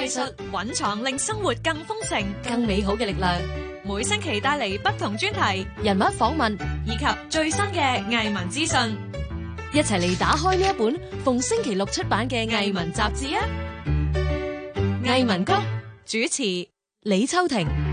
藝術蘊藏令生活更豐盛、更美好嘅力量。每星期帶嚟不同專題、人物訪問以及最新嘅藝文資訊，一齊嚟打開呢一本逢星期六出版嘅藝文雜誌啊！藝文谷主持李秋婷。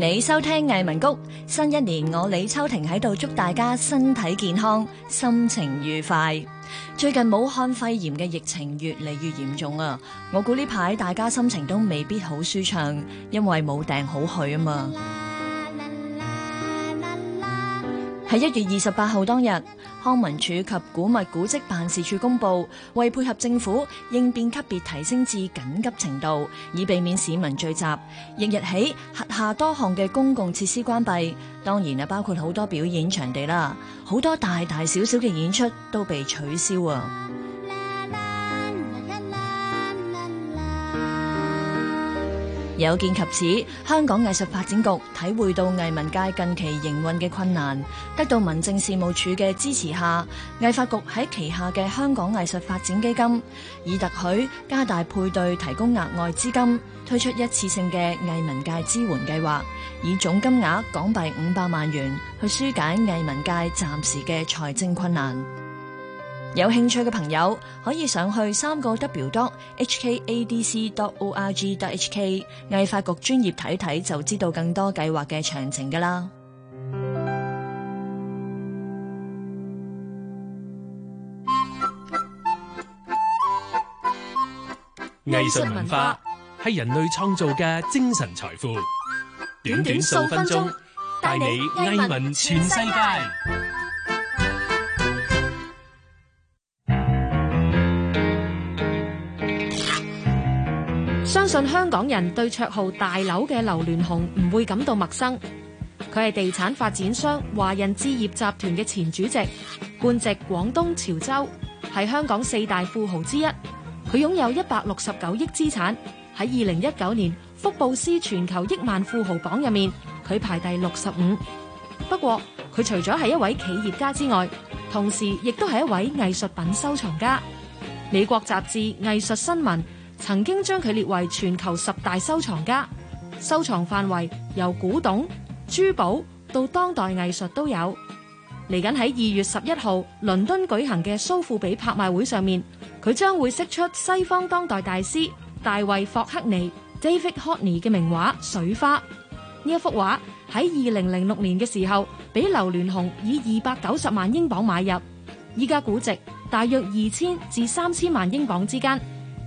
你收聽藝文谷，新一年我李秋婷喺度祝大家身體健康、心情愉快。最近武漢肺炎嘅疫情越嚟越嚴重啊，我估呢排大家心情都未必好舒暢，因為冇訂好去啊嘛。喺一月二十八號當日。康文署及古物古蹟辦事處公布，為配合政府應變級別提升至緊急程度，以避免市民聚集，翌日，日起轄下多項嘅公共設施關閉，當然啊包括好多表演場地啦，好多大大小小嘅演出都被取消啊。有見及此，香港藝術發展局體會到藝文界近期營運嘅困難，得到民政事務處嘅支持下，藝發局喺旗下嘅香港藝術發展基金，以特許加大配對，提供額外資金，推出一次性嘅藝文界支援計劃，以總金額港幣五百萬元去紓解藝文界暫時嘅財政困難。有興趣嘅朋友可以上去三個 w dot h k a d c dot o r g dot h k 藝發局專業睇睇，就知道更多計劃嘅詳情噶啦。藝術文化係人類創造嘅精神財富，短短數分鐘帶你藝文全世界。相信香港人對綽號大樓嘅劉鑾雄唔會感到陌生，佢係地產發展商華人置業集團嘅前主席，冠籍廣東潮州，係香港四大富豪之一。佢擁有一百六十九億資產，喺二零一九年福布斯全球億萬富豪榜入面，佢排第六十五。不過佢除咗係一位企業家之外，同時亦都係一位藝術品收藏家。美國雜誌《藝術新聞》。曾經將佢列為全球十大收藏家，收藏範圍由古董、珠寶到當代藝術都有。嚟緊喺二月十一號倫敦舉行嘅蘇富比拍賣會上面，佢將會釋出西方當代大師大衛·霍克尼 （David h o c n e y 嘅名畫《水花》。呢一幅畫喺二零零六年嘅時候，俾劉聯雄以二百九十萬英鎊買入，依家估值大約二千至三千萬英鎊之間。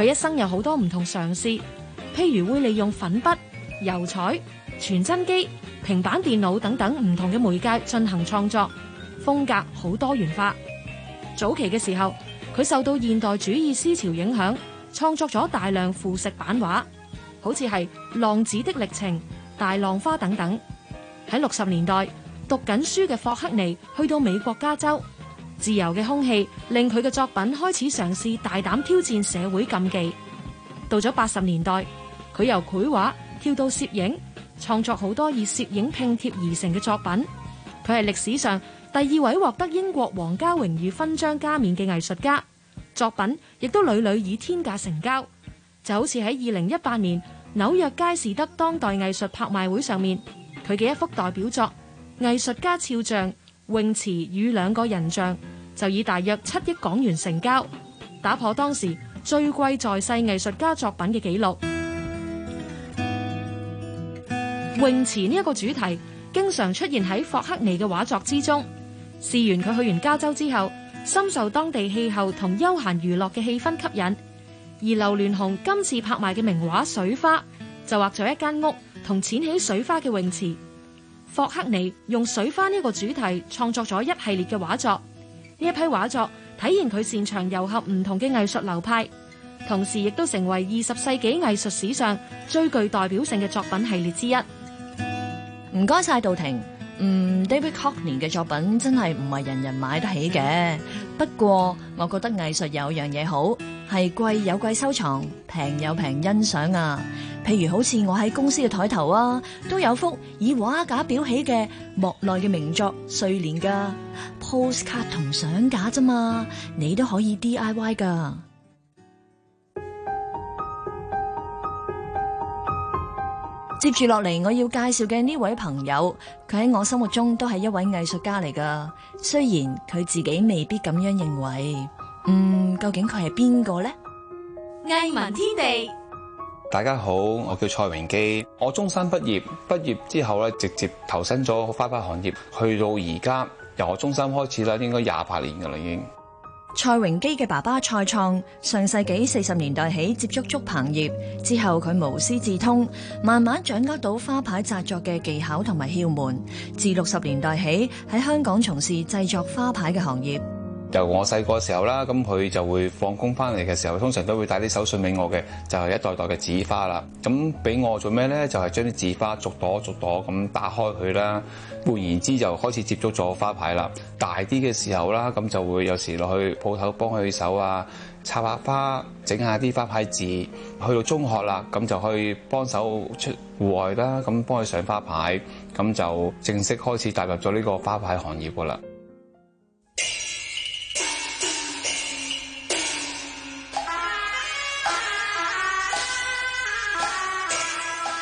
佢一生有好多唔同嘅嘗試，譬如會利用粉筆、油彩、傳真機、平板電腦等等唔同嘅媒介進行創作，風格好多元化。早期嘅時候，佢受到現代主義思潮影響，創作咗大量腐蝕版畫，好似係《浪子的歷程》、《大浪花》等等。喺六十年代，讀緊書嘅霍克尼去到美國加州。自由嘅空氣令佢嘅作品開始嘗試大膽挑戰社會禁忌。到咗八十年代，佢由繪畫跳到攝影，創作好多以攝影拼貼而成嘅作品。佢係歷史上第二位獲得英國皇家榮譽勳章加冕嘅藝術家，作品亦都屢屢以天價成交。就好似喺二零一八年紐約佳士得當代藝術拍賣會上面，佢嘅一幅代表作《藝術家肖像》。泳池與兩個人像，就以大約七億港元成交，打破當時最貴在世藝術家作品嘅紀錄。泳池呢一個主題經常出現喺霍克尼嘅畫作之中。事緣佢去完加州之後，深受當地氣候同休閒娛樂嘅氣氛吸引。而劉鑾雄今次拍賣嘅名畫《水花》，就畫咗一間屋同濺起水花嘅泳池。霍克尼用水花呢個主題創作咗一系列嘅畫作，呢一批畫作體現佢擅長糅合唔同嘅藝術流派，同時亦都成為二十世紀藝術史上最具代表性嘅作品系列之一。唔該晒杜婷，嗯，David Hockney 嘅作品真係唔係人人買得起嘅，不過我覺得藝術有樣嘢好，係貴有貴收藏，平有平欣賞啊。譬如好似我喺公司嘅台頭啊，都有幅以畫架裱起嘅莫奈嘅名作《睡蓮》噶 post 卡同相架啫嘛，你都可以 DIY 噶。 接住落嚟我要介紹嘅呢位朋友，佢喺我心目中都係一位藝術家嚟噶，雖然佢自己未必咁樣認為。嗯，究竟佢係邊個呢？藝文天地。大家好，我叫蔡榮基，我中三畢業，畢業之後咧直接投身咗花牌行業，去到而家由我中三開始啦，應該廿八年噶啦已經。蔡榮基嘅爸爸蔡創上世紀四十年代起接觸竹棚業，之後佢無師自通，慢慢掌握到花牌製作嘅技巧同埋竅門，自六十年代起喺香港從事製作花牌嘅行業。由我細個時候啦，咁佢就會放工翻嚟嘅時候，通常都會帶啲手信俾我嘅，就係一袋袋嘅紙花啦。咁俾我做咩咧？就係將啲紙花逐朵逐朵咁打開佢啦。換言之，就開始接觸咗花牌啦。大啲嘅時候啦，咁就會有時落去鋪頭幫佢手啊，插下花，整下啲花牌字。去到中學啦，咁就去幫手出戶外啦，咁幫佢上花牌，咁就正式開始踏入咗呢個花牌行業噶啦。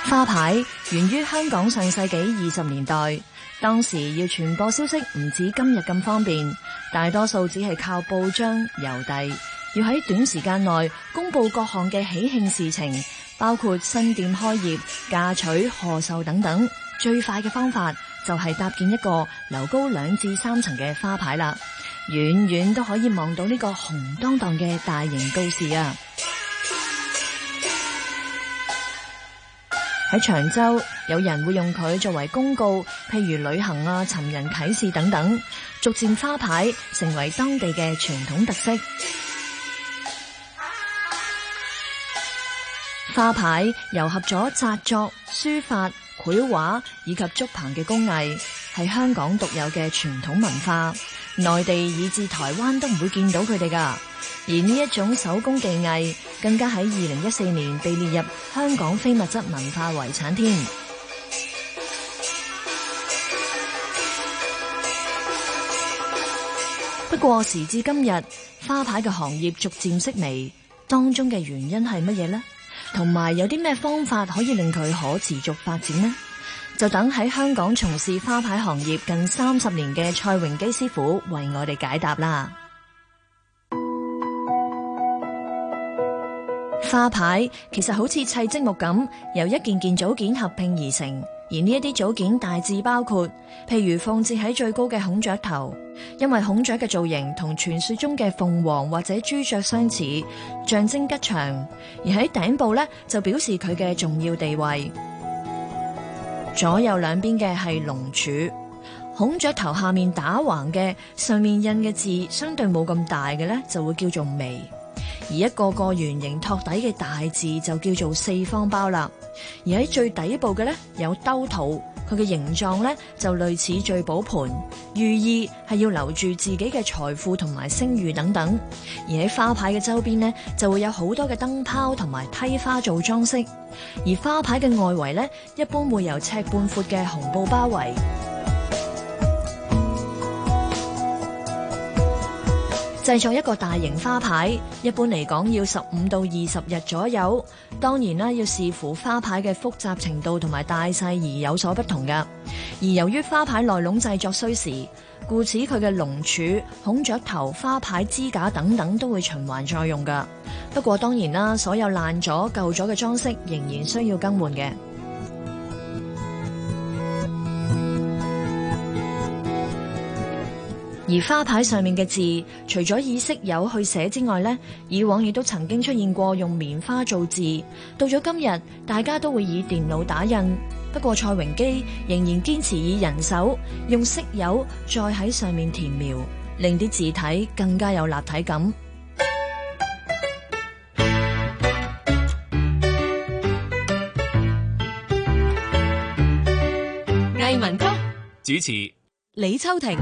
花牌源於香港上世紀二十年代，當時要傳播消息唔止今日咁方便，大多數只係靠報章、郵遞。要喺短時間內公布各項嘅喜慶事情，包括新店開業、嫁娶、賀壽等等，最快嘅方法就係搭建一個樓高兩至三層嘅花牌啦，遠遠都可以望到呢個紅當當嘅大型告示啊！喺長洲，有人會用佢作為公告，譬如旅行啊、尋人啟事等等，逐漸花牌成為當地嘅傳統特色。花牌糅合咗紮作、書法、繪畫以及竹棚嘅工藝，係香港獨有嘅傳統文化。內地以至台灣都唔會見到佢哋㗎，而呢一種手工技藝更加喺二零一四年被列入香港非物質文化遺產添。 不過時至今日，花牌嘅行業逐漸式微，當中嘅原因係乜嘢呢？同埋有啲咩方法可以令佢可持續發展呢？就等喺香港從事花牌行業近三十年嘅蔡榮基師傅為我哋解答啦。花牌其實好似砌積木咁，由一件件組件合拼而成。而呢一啲組件大致包括，譬如放置喺最高嘅孔雀頭，因為孔雀嘅造型同傳說中嘅鳳凰或者朱雀相似，象徵吉祥。而喺頂部呢，就表示佢嘅重要地位。左右兩邊嘅係龍柱，孔雀頭下面打橫嘅，上面印嘅字相對冇咁大嘅呢就會叫做眉；而一個個圓形托底嘅大字就叫做四方包啦。而喺最底部嘅呢，有兜肚。佢嘅形狀咧就類似聚寶盆，寓意係要留住自己嘅財富同埋聲譽等等。而喺花牌嘅周邊呢，就會有好多嘅燈泡同埋梯花做裝飾，而花牌嘅外圍呢，一般會由尺半闊嘅紅布包圍。製作一個大型花牌，一般嚟講要十五到二十日左右。當然啦，要視乎花牌嘅複雜程度同埋大細而有所不同㗎。而由於花牌內籠製作需時，故此佢嘅龍柱、孔雀頭、花牌支架等等都會循環再用㗎。不過當然啦，所有爛咗、舊咗嘅裝飾仍然需要更換嘅。而花牌上面嘅字，除咗以色油去寫之外呢，以往亦都曾經出現過用棉花做字。到咗今日，大家都會以電腦打印。不過蔡榮基仍然堅持以人手用色油再喺上面填描，令啲字體更加有立體感。藝文谷主持李秋婷。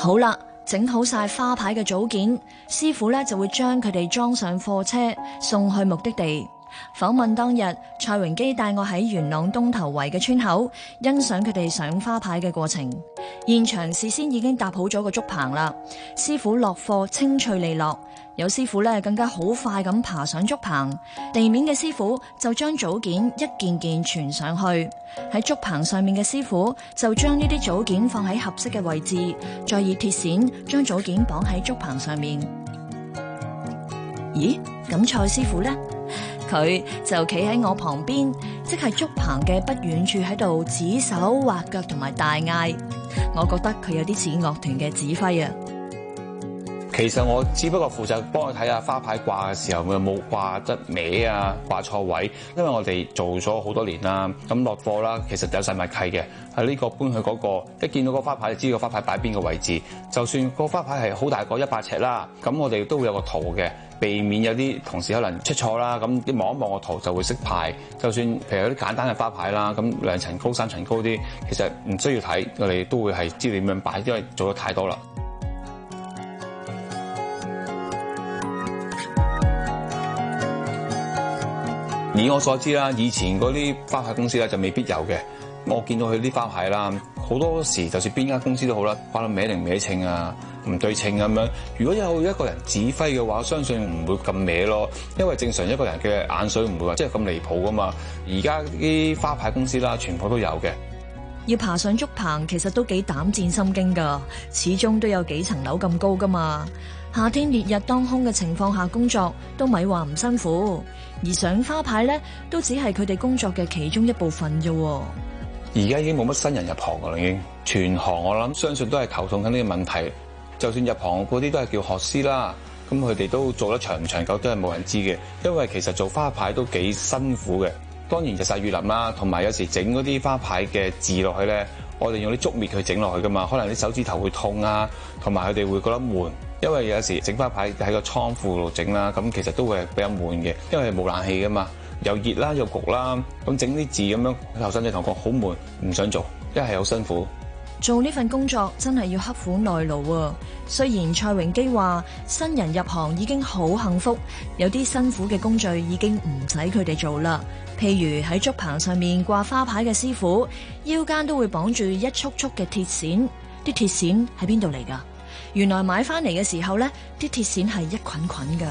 好啦，整好晒花牌嘅組件，師傅呢就會將佢哋裝上貨車，送去目的地。訪問當日，蔡榮基帶我喺元朗東頭圍嘅村口欣賞佢哋上花牌嘅過程。現場事先已經搭好咗個竹棚啦，師傅落貨清脆利落。有師傅咧更加好快咁爬上竹棚，地面嘅師傅就將組件一件件傳上去。喺竹棚上面嘅師傅就將呢啲組件放喺合適嘅位置，再以鐵線將組件綁喺竹棚上面。咦？咁蔡師傅呢？佢就企喺我旁邊，即係竹棚嘅不遠處喺度指手畫腳同埋大嗌，我覺得佢有啲似樂團嘅指揮啊。其實我只不過負責幫佢睇下花牌掛嘅時候會有冇掛得歪啊，掛錯位。因為我哋做咗好多年啦，咁落貨啦，其實有細密契嘅，喺呢個搬去嗰個，一見到個花牌就知個花牌擺邊個位置。就算個花牌係好大個一百尺啦，咁我哋都會有個圖嘅，避免有啲同事可能出錯啦。咁一望一望個圖就會識牌。就算譬如有啲簡單嘅花牌啦，咁兩層高、三層高啲，其實唔需要睇，我哋都會係知點樣擺，因為做得太多啦。以我所知啦，以前嗰啲花牌公司咧就未必有嘅。我見到佢啲花牌啦，好多時就算邊間公司都好啦，可能歪零歪秤啊，唔對稱咁樣。如果有一個人指揮嘅話，相信唔會咁歪咯，因為正常一個人嘅眼水唔會話即係咁離譜噶嘛。而家啲花牌公司啦，全部都有嘅。要爬上竹棚，其實都幾膽戰心驚噶，始終都有幾層樓咁高噶嘛。夏天烈日當空嘅情況下工作都咪話唔辛苦，而上花牌咧都只係佢哋工作嘅其中一部分啫。而家已經冇乜新人入行噶啦，已經全行我諗相信都係頭痛緊呢個問題。就算入行嗰啲都係叫學師啦，咁佢哋都做得長唔長久都係冇人知嘅。因為其實做花牌都幾辛苦嘅，當然日曬雨淋啦，同埋有，有時整嗰啲花牌嘅字落去咧，我哋用啲竹篾去整落去噶嘛，可能啲手指頭會痛啊，同埋佢哋會覺得悶。因為有時整花牌喺個倉庫度整啦，咁其實都會比較悶嘅，因為冇冷氣噶嘛，又熱啦又焗啦，咁整啲字咁樣後生仔同學好悶，唔想做，一係好辛苦。做呢份工作真係要刻苦耐勞。雖然蔡榮基話新人入行已經好幸福，有啲辛苦嘅工序已經唔使佢哋做啦，譬如喺竹棚上面掛花牌嘅師傅，腰間都會綁住一束束嘅鐵線，啲鐵線喺邊度嚟㗎？原來買翻嚟嘅時候咧，啲鐵線係一捆捆噶。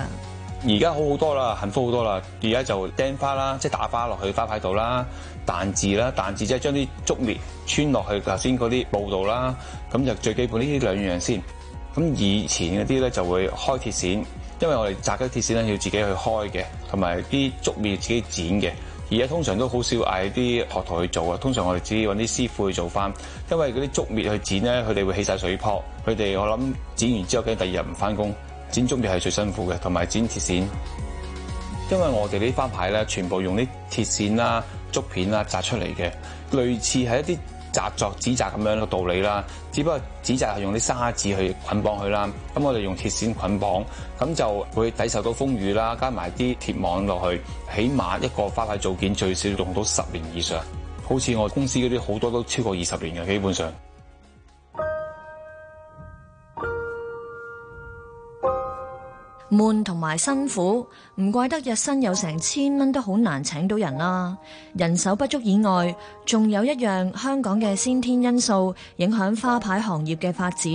而家好好多啦，幸福好多啦。而家就釘花啦，即係打花落去花牌度啦，彈字啦，彈字即係將啲竹篾穿落去頭先嗰啲布道啦。咁就最基本呢兩樣先。咁以前嘅啲咧就會開鐵線，因為我哋紮嘅鐵線咧要自己去開嘅，同埋啲竹篾自己剪嘅。而家通常都好少嗌啲學徒去做啊，通常我哋自己搵啲師傅去做翻，因為嗰啲竹篾去剪咧，佢哋會起曬水泡，佢哋我諗剪完之後，驚第二日唔翻工。剪竹篾係最辛苦嘅，同埋剪鐵線，因為我哋呢翻牌咧，全部用啲鐵線啦、竹片啦紮出嚟嘅，類似係一啲，紮作紙紮咁樣嘅道理啦，只不過紙紮係用啲沙紙去捆綁佢啦，咁我哋用鐵線捆綁，咁就會抵受到風雨啦，加埋啲鐵網落去，起碼一個花牌組件最少用到十年以上，好似我公司嗰啲好多都超過二十年嘅，基本上。悶同埋辛苦，唔怪得日薪有成千蚊都好難請到人啦，啊。人手不足以外，仲有一樣香港嘅先天因素影響花牌行業嘅發展，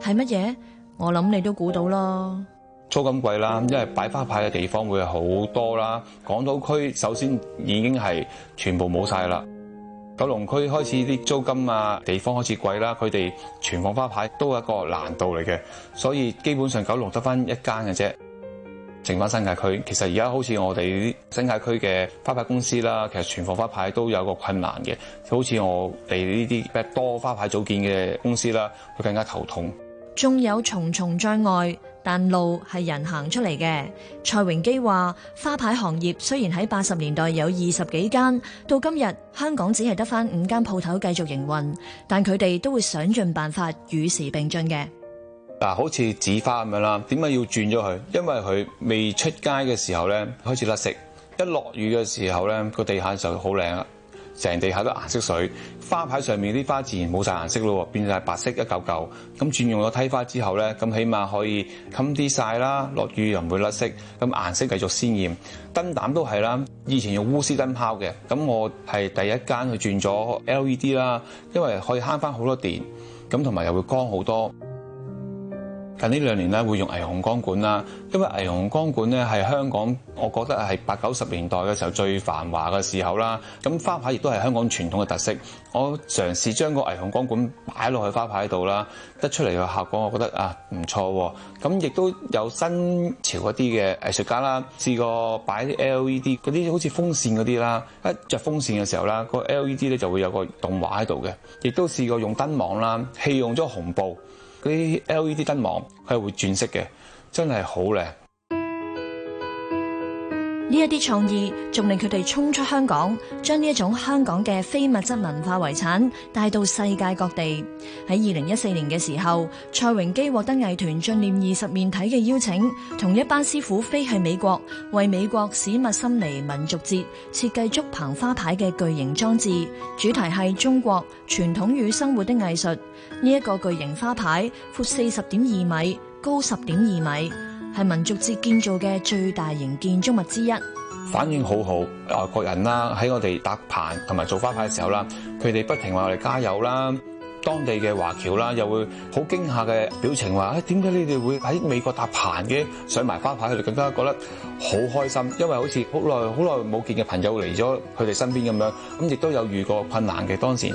係乜嘢？我諗你都估到咯。租咁貴啦，因為擺花牌嘅地方會好多啦。港島區首先已經係全部冇晒啦。九龍區開始啲租金啊，地方開始貴啦，佢哋存放花牌都係一個難度嚟嘅，所以基本上九龍得翻一間嘅啫，剩翻新界區。其實而家好似我哋啲新界區嘅花牌公司啦，其實存放花牌都有個困難嘅，就好似我哋呢啲多花牌組建嘅公司啦，會更加頭痛，仲有重重障礙。但路係人行出嚟嘅，蔡榮基話花牌行業雖然喺八十年代有二十幾間，到今日香港只係得翻五間鋪頭繼續營運，但佢哋都會想盡辦法與時並進嘅。嗱，好似紙花咁樣啦，點解要轉咗佢？因為佢未出街嘅時候咧，開始甩色；一落雨嘅時候咧，個地下就好靚啦。成地下都顏色水，花牌上面啲花自然冇曬顏色咯喎，變曬白色一嚿嚿。咁轉用咗梯花之後咧，咁起碼可以冚啲曬啦，落雨又唔會甩色，咁顏色繼續鮮豔。燈膽都係啦，以前用鎢絲燈泡嘅，咁我係第一間去轉咗 LED 啦，因為可以慳返好多電，咁同埋又會光好多。近呢兩年咧會用霓虹光管啦，因為霓虹光管咧係香港，我覺得係八九十年代嘅時候最繁華嘅時候啦。咁花牌亦都係香港傳統嘅特色。我嘗試將個霓虹光管擺落去花牌度啦，得出嚟嘅效果我覺得啊唔錯喎。咁亦都有新潮嗰啲嘅藝術家啦，試過擺啲 LED 嗰啲好似風扇嗰啲啦，一著風扇嘅時候啦，個 LED 咧就會有個動畫喺度嘅。亦都試過用燈網啦，棄用咗紅布。啲 LED 燈網佢係會轉色嘅，真係好靚。呢一啲創意仲令佢哋衝出香港，將呢一種香港嘅非物質文化遺產帶到世界各地。喺二零一四年嘅時候，蔡榮基獲得藝團進念二十面體嘅邀請，同一班師傅飛去美國，為美國史密森尼民族節設計竹棚花牌嘅巨型裝置，主題係中國傳統與生活的藝術。呢一個巨型花牌闊四十點二米，高十點二米。係民族節建造嘅最大型建築物之一，反應好好。外國人啦，喺我哋搭棚同埋做花牌嘅時候啦，佢哋不停話我哋加油啦。當地嘅華僑啦，又會好驚吓嘅表情話：誒，點解你哋會喺美國搭棚嘅上埋花牌？佢哋更加覺得好開心，因為好似好耐好耐冇見嘅朋友嚟咗佢哋身邊咁樣，咁亦都有遇過困難嘅當時。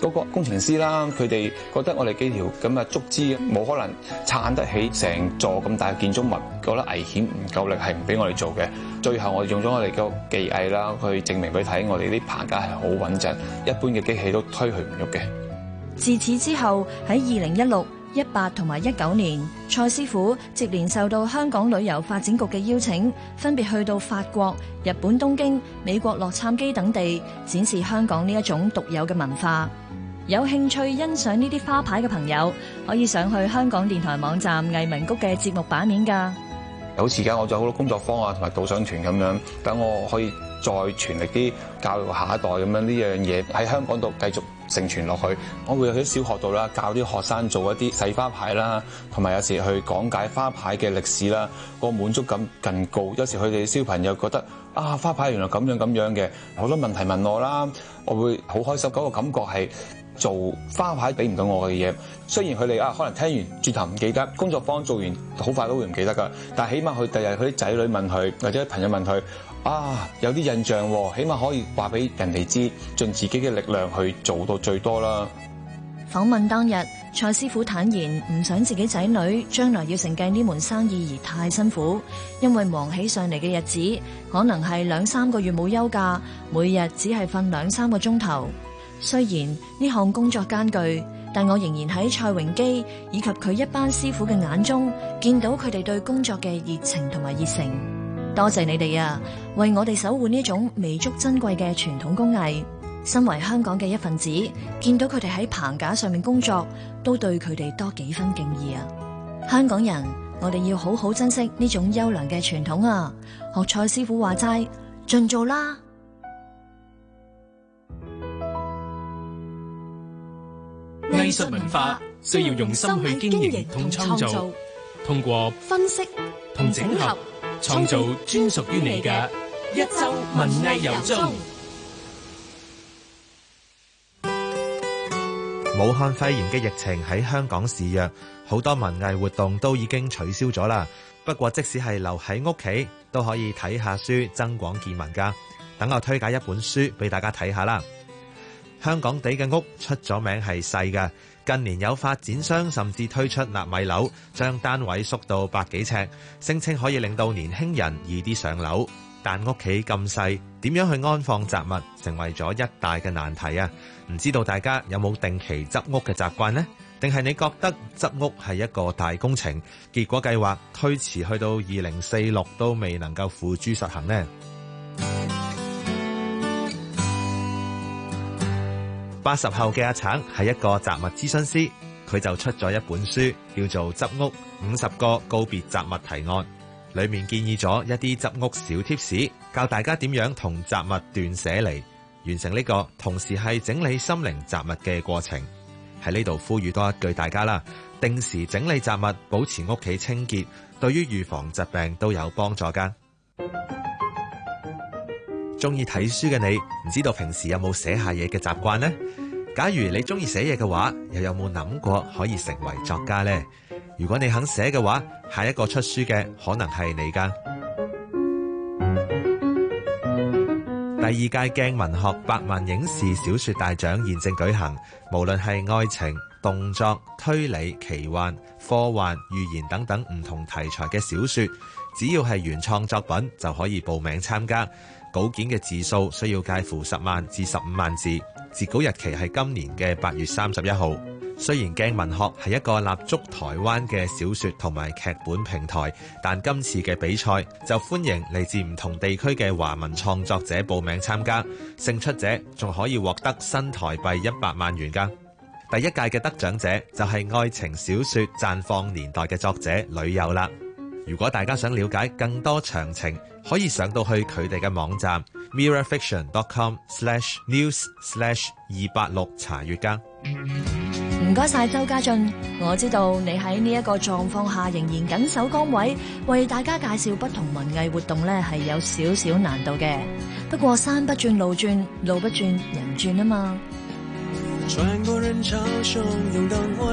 嗰個工程師啦，佢哋覺得我哋幾條咁嘅竹枝冇可能撐得起成座咁大嘅建築物，覺得危險唔夠力係唔俾我哋做嘅。最後我哋用咗我哋嘅技藝啦，去證明佢睇，我哋啲棚架係好穩陣，一般嘅機器都推佢唔喐嘅。自此之後，喺二零一六、一八同埋一九年，蔡師傅接連受到香港旅遊發展局嘅邀請，分別去到法國、日本東京、美國洛杉磯等地展示香港呢一種獨有嘅文化。有興趣欣賞呢啲花牌嘅朋友，可以上去香港電台網站藝文谷嘅節目版面㗎。有時間我就有好多工作坊啊，同埋導賞團咁樣，等我可以再全力啲教育下一代咁樣呢樣嘢喺香港度繼續承傳落去。我會喺小學度啦，教啲學生做一啲細花牌啦，同埋有，有時候去講解花牌嘅歷史啦。個滿足感更高。有時佢哋小朋友覺得啊，花牌原來咁樣咁樣嘅，好多問題問我啦，我會好開心。嗰、嗰個感覺係。做花牌俾唔到我嘅嘢，雖然佢哋啊可能聽完轉頭唔記得，工作坊做完好快都會唔記得噶，但起碼佢第日佢啲仔女問佢，或者朋友問佢啊有啲印象，起碼可以話俾人哋知，盡自己嘅力量去做到最多啦。訪問當日，蔡師傅坦言唔想自己仔女將來要承繼呢門生意而太辛苦，因為忙起上嚟嘅日子可能係兩三個月冇休假，每日只係瞓兩三個鐘頭。雖然呢項工作艱巨，但我仍然喺蔡榮基以及佢一班師傅嘅眼中，見到佢哋對工作嘅熱情同埋熱誠。多謝你哋啊，為我哋守護呢種彌足珍貴嘅傳統工藝。身為香港嘅一份子，見到佢哋喺棚架上面工作，都對佢哋多幾分敬意啊！香港人，我哋要好好珍惜呢種優良嘅傳統啊！學蔡師傅話齋，盡做啦！藝術文化需要用心去經營同創造，通過分析同整合，創造專屬於你嘅一周文藝遊蹤。武漢肺炎嘅疫情喺香港肆虐，好多文藝活動都已經取消咗啦。不過即使係留喺屋企，都可以睇下書，增廣建文，增廣見聞㗎。等我推介一本書俾大家睇下啦。香港地嘅屋出咗名係細嘅，近年有發展商甚至推出納米樓，將單位縮到百幾尺，聲稱可以令到年輕人易啲上樓。但屋企咁細，點樣去安放雜物，成為咗一大嘅難題啊！唔知道大家有冇定期執屋嘅習慣呢？定係你覺得執屋係一個大工程，結果計劃推遲去到二零四六都未能夠付諸實行呢？八十後嘅阿橙係一個雜物諮詢師，佢就出咗一本書，叫做《執屋五十個告別雜物提案》，裏面建議咗一啲執屋小貼士，教大家點樣同雜物斷捨離，完成呢個同時係整理心靈雜物嘅過程。喺呢度呼籲多一句，大家啦，定時整理雜物，保持屋企清潔，對於預防疾病都有幫助噶。中意睇書嘅你，唔知道平時有冇寫下嘢嘅習慣呢？假如你中意寫嘢嘅話，又有冇諗過可以成為作家呢？如果你肯寫嘅話，下一個出書嘅可能係你噶 。第二屆鏡文學百萬影視小說大獎現正舉行，無論係愛情、動作、推理、奇幻、科幻、預言等等唔同題材嘅小說，只要係原創作品就可以報名參加。稿件嘅字數需要介乎十萬至十五萬字，截稿日期係今年嘅八月三十一號。雖然鏡文學係一個立足台灣嘅小說同埋劇本平台，但今次嘅比賽就歡迎嚟自唔同地區嘅華文創作者報名參加。勝出者仲可以獲得新台幣一百萬元噶。第一屆嘅得獎者就係愛情小說綻放年代嘅作者呂游啦。如果大家想了解更多詳情，可以上到去佢哋嘅網站 mirrorfiction.com/news/ 286查閲噶。唔該晒周家俊，我知道你喺呢一個狀況下仍然緊守崗位，為大家介紹不同文藝活動呢係有少少難度嘅。不過山不轉路轉，路不轉人轉啊嘛。穿過人潮洶湧燈火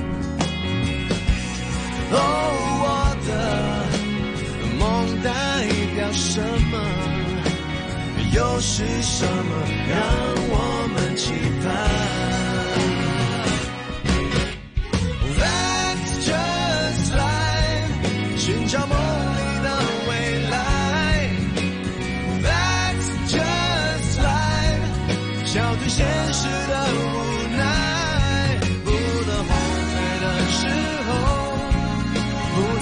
哦、oh，我的夢代表什麼？又是什麼讓我們期盼？